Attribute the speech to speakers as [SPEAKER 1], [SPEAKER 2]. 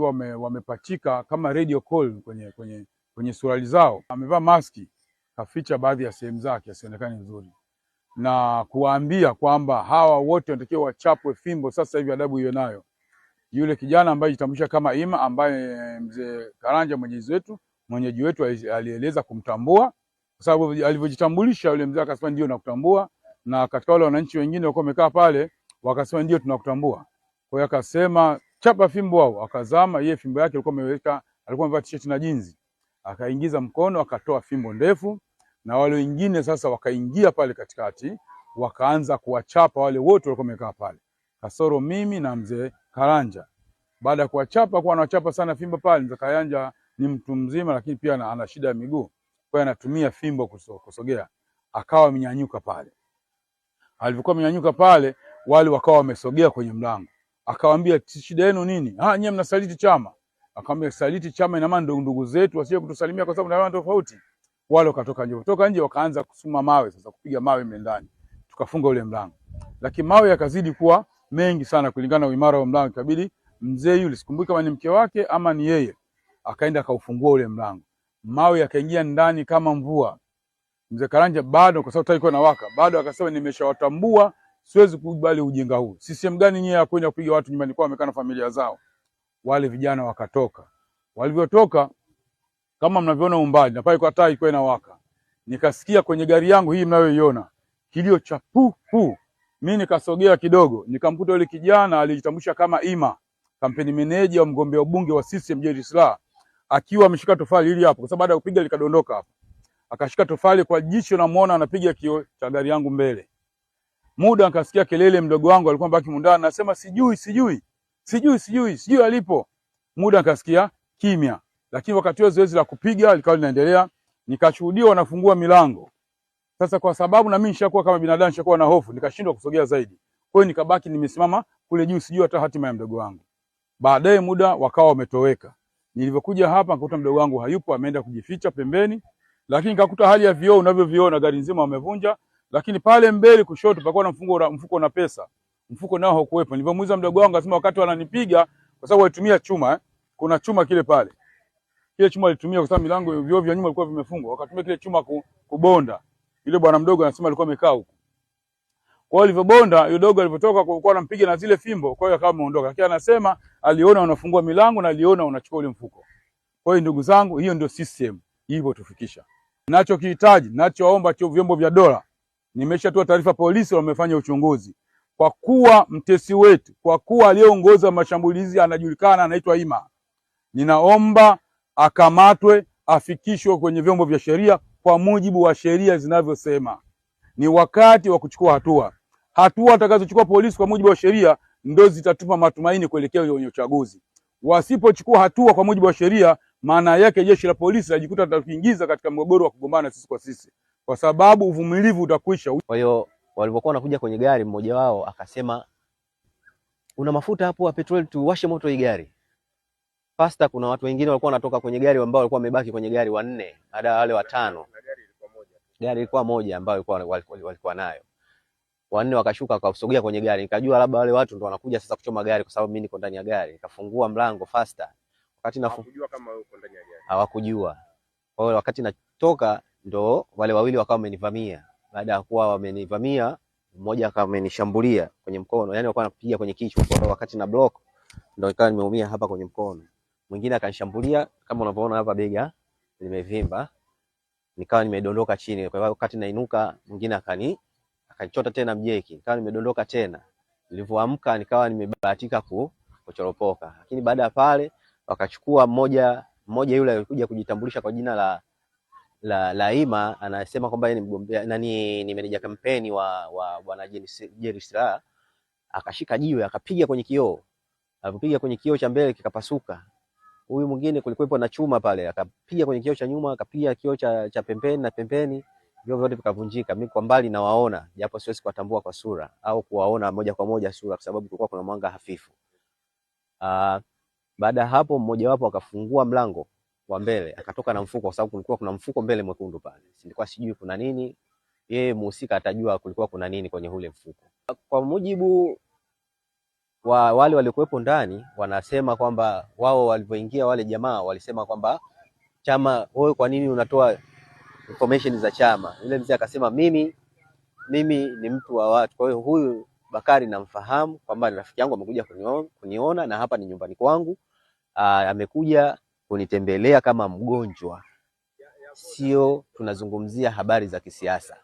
[SPEAKER 1] wakiwa wame, wamepachika kama radio call kwenye, kwenye, kwenye suruali zao. Amevaa maski kaficha baadhi ya sehemu zake asionekane vizuri, na kuwaambia kwamba hawa wote wanatakiwa wachapwe fimbo. Sasa hivi adabu hiyo nayo yule kijana ambaye jitambulisha kama Ima ambaye eh, mzee Karanja mwenyezi wetu mwenyeji wetu alieleza kumtambua kwa sababu alivyojitambulisha yule mzee akasema ndio nakutambua, na katika wale wananchi wengine walikuwa wamekaa pale wakasema ndio tunakutambua. Kwa hiyo akasema chapa fimbo wao, akazama yeye, fimbo yake alikuwa ameweka, alikuwa amevaa t-shirt na jinzi, akaingiza mkono akatoa fimbo ndefu, na wale wengine sasa wakaingia pale katikati, wakaanza kuwachapa wale wote walikuwa wamekaa pale, kasoro mimi na mzee Karanja. Baada ya kuwachapa, kwa anawachapa sana fimbo pale. Mzee Karanja ni mtu mzima, lakini pia ana shida ya miguu, kwa hiyo anatumia fimbo kusogea, akawa amenyanyuka pale. Alivyokuwa amenyanyuka pale, wale wakawa wamesogea kwenye mlango akawambia shida yenu nini? Ah, nyie mnasaliti chama. Akamwambia saliti chama, ina maana ndio ndugu zetu wasije kutusalimia kwa sababu na tofauti. Wale wakatoka nje, kutoka nje wakaanza kusuma mawe, sasa kupiga mawe mle ndani, tukafunga ule mlango, lakini mawe yakazidi kuwa mengi sana kulingana na uimara wa mlango. Ikabidi mzee yule, sikumbuki kama ni mke wake ama ni yeye, akaenda akaufungua ule mlango, mawe yakaingia ndani kama mvua. Mzee Karanja bado, kwa sababu taa ilikuwa inawaka, bado akasema nimeshawatambua Siwezi kukubali ujinga huu. CCM gani nyewe ya kwenda kupiga watu nyumbani kwao wamekaa na familia zao? Wale vijana wakatoka. Walivyotoka kama mnavyoona umbali na pale kwa taa ilikuwa inawaka. Nikasikia kwenye gari yangu hii mnayoiona kilio cha pu pu. Mimi nikasogea kidogo, nikamkuta yule kijana alijitambulisha kama Ima, kampeni meneja wa mgombea ubunge wa CCM Jerry Silaa, akiwa ameshika tofali hili hapo, kwa sababu baada ya kupiga likadondoka hapo. Akashika tofali kwa jicho, namuona anapiga kio cha gari yangu mbele muda nikasikia kelele, mdogo wangu alikuwa mbaki mundani, nasema sijui sijui sijui sijui sijui alipo. Muda nikasikia kimya, lakini wakati huo zoezi la kupiga likawa linaendelea, nikashuhudia wanafungua milango. Sasa kwa sababu na mimi nishakuwa kama binadamu, nishakuwa na hofu, nikashindwa kusogea zaidi. Kwa hiyo nikabaki nimesimama kule juu, sijui hata hatima ya mdogo wangu. Baadaye muda wakawa wametoweka. Nilivyokuja hapa nikakuta mdogo wangu hayupo, ameenda kujificha pembeni, lakini nikakuta hali ya vioo unavyoviona, gari nzima wamevunja lakini pale mbele kushoto pakuwa na mfuko na, mfuko na pesa. Mfuko nao haukuwepo. Nilipomuuliza mdogo wangu akasema wakati wananipiga kwa sababu walitumia chuma eh. Kuna chuma kile pale. Kile chuma walitumia kwa sababu milango vioo vya nyuma ilikuwa vimefungwa. Wakatumia kile chuma kubonda. Yule bwana mdogo anasema alikuwa amekaa huko. Kwa hiyo alivyobonda yule dogo alipotoka kwa kuwa anampiga na zile fimbo, kwa hiyo akawa ameondoka. Lakini anasema aliona wanafungua milango na aliona wanachukua ule mfuko. Kwa hiyo ndugu zangu, hiyo ndio system tufikisha. Ninachokihitaji, ninachoomba vyombo vya dola nimeshatoa taarifa polisi, wamefanya uchunguzi. Kwa kuwa mtesi wetu, kwa kuwa aliyeongoza mashambulizi anajulikana, anaitwa Ima, ninaomba akamatwe, afikishwe kwenye vyombo vya sheria kwa mujibu wa sheria zinavyosema. Ni wakati wa kuchukua hatua. Hatua atakazochukua polisi kwa mujibu wa sheria ndo zitatupa matumaini kuelekea kwenye uchaguzi. Wasipochukua hatua kwa mujibu wa sheria, maana yake jeshi la polisi lajikuta tutakiingiza katika mgogoro wa kugombana sisi kwa sisi kwa sababu uvumilivu utakwisha.
[SPEAKER 2] Kwa hiyo walivyokuwa wanakuja kwenye gari, mmoja wao akasema, una mafuta hapo ya petroli, tuwashe moto hii gari Pasta, kuna watu wengine walikuwa wanatoka kwenye gari ambao walikuwa wamebaki kwenye gari wanne, hada wale watano. Gari ilikuwa moja ambayo walikuwa, walikuwa nayo wanne, wakashuka wakasogea kwenye gari. Nikajua labda wale watu ndo wanakuja sasa kuchoma gari, kwa sababu mimi niko ndani ya gari. Nikafungua mlango Fasta, wakati nafungua hawakujua. Kwa hiyo wakati natoka ndo wale wawili wakawa wamenivamia. Baada ya kuwa wamenivamia, mmoja akawa amenishambulia kwenye mkono, yani wakawa anapiga kwenye kichwa kwa wakati na block, ndo ikawa nimeumia hapa kwenye mkono. Mwingine akanishambulia kama unavyoona hapa, bega limevimba, nikawa nimedondoka chini. Kwa hiyo wakati nainuka, mwingine akani akanichota tena mjeki, nikawa nimedondoka tena. Nilivyoamka nikawa nimebahatika ku, kuchoropoka, lakini baada ya pale wakachukua mmoja mmoja, yule alikuja kujitambulisha kwa jina la la Laima anasema kwamba yeye ni mgombea nani, ni meneja kampeni wa wa bwana Jerry Silaa, akashika jiwe akapiga kwenye kioo, alipopiga kwenye kioo cha mbele kikapasuka. Huyu mwingine kulikuwepo na chuma pale, akapiga kwenye kioo cha nyuma, akapiga kioo cha, cha pembeni na pembeni, vioo vyote vikavunjika. Mimi kwa mbali nawaona, japo siwezi kuwatambua kwa sura au kuwaona moja kwa moja sura, kwa sababu kulikuwa kuna mwanga hafifu. Ah, baada hapo mmoja wapo akafungua mlango wa mbele akatoka na mfuko, kwa sababu kulikuwa kuna mfuko mbele mwekundu pale. Nilikuwa sijui kuna nini, yeye muhusika atajua kulikuwa kuna nini kwenye ule mfuko. Kwa mujibu wa wale waliokuwepo ndani, wanasema kwamba wao walivyoingia wale jamaa walisema kwamba chama, wewe kwa nini unatoa information za chama? Yule mzee akasema mimi mimi ni mtu wa watu, kwa hiyo huyu Bakari namfahamu kwamba rafiki yangu amekuja kuniona, kuniona na hapa ni nyumbani kwangu. amekuja kunitembelea kama mgonjwa, sio tunazungumzia habari za kisiasa.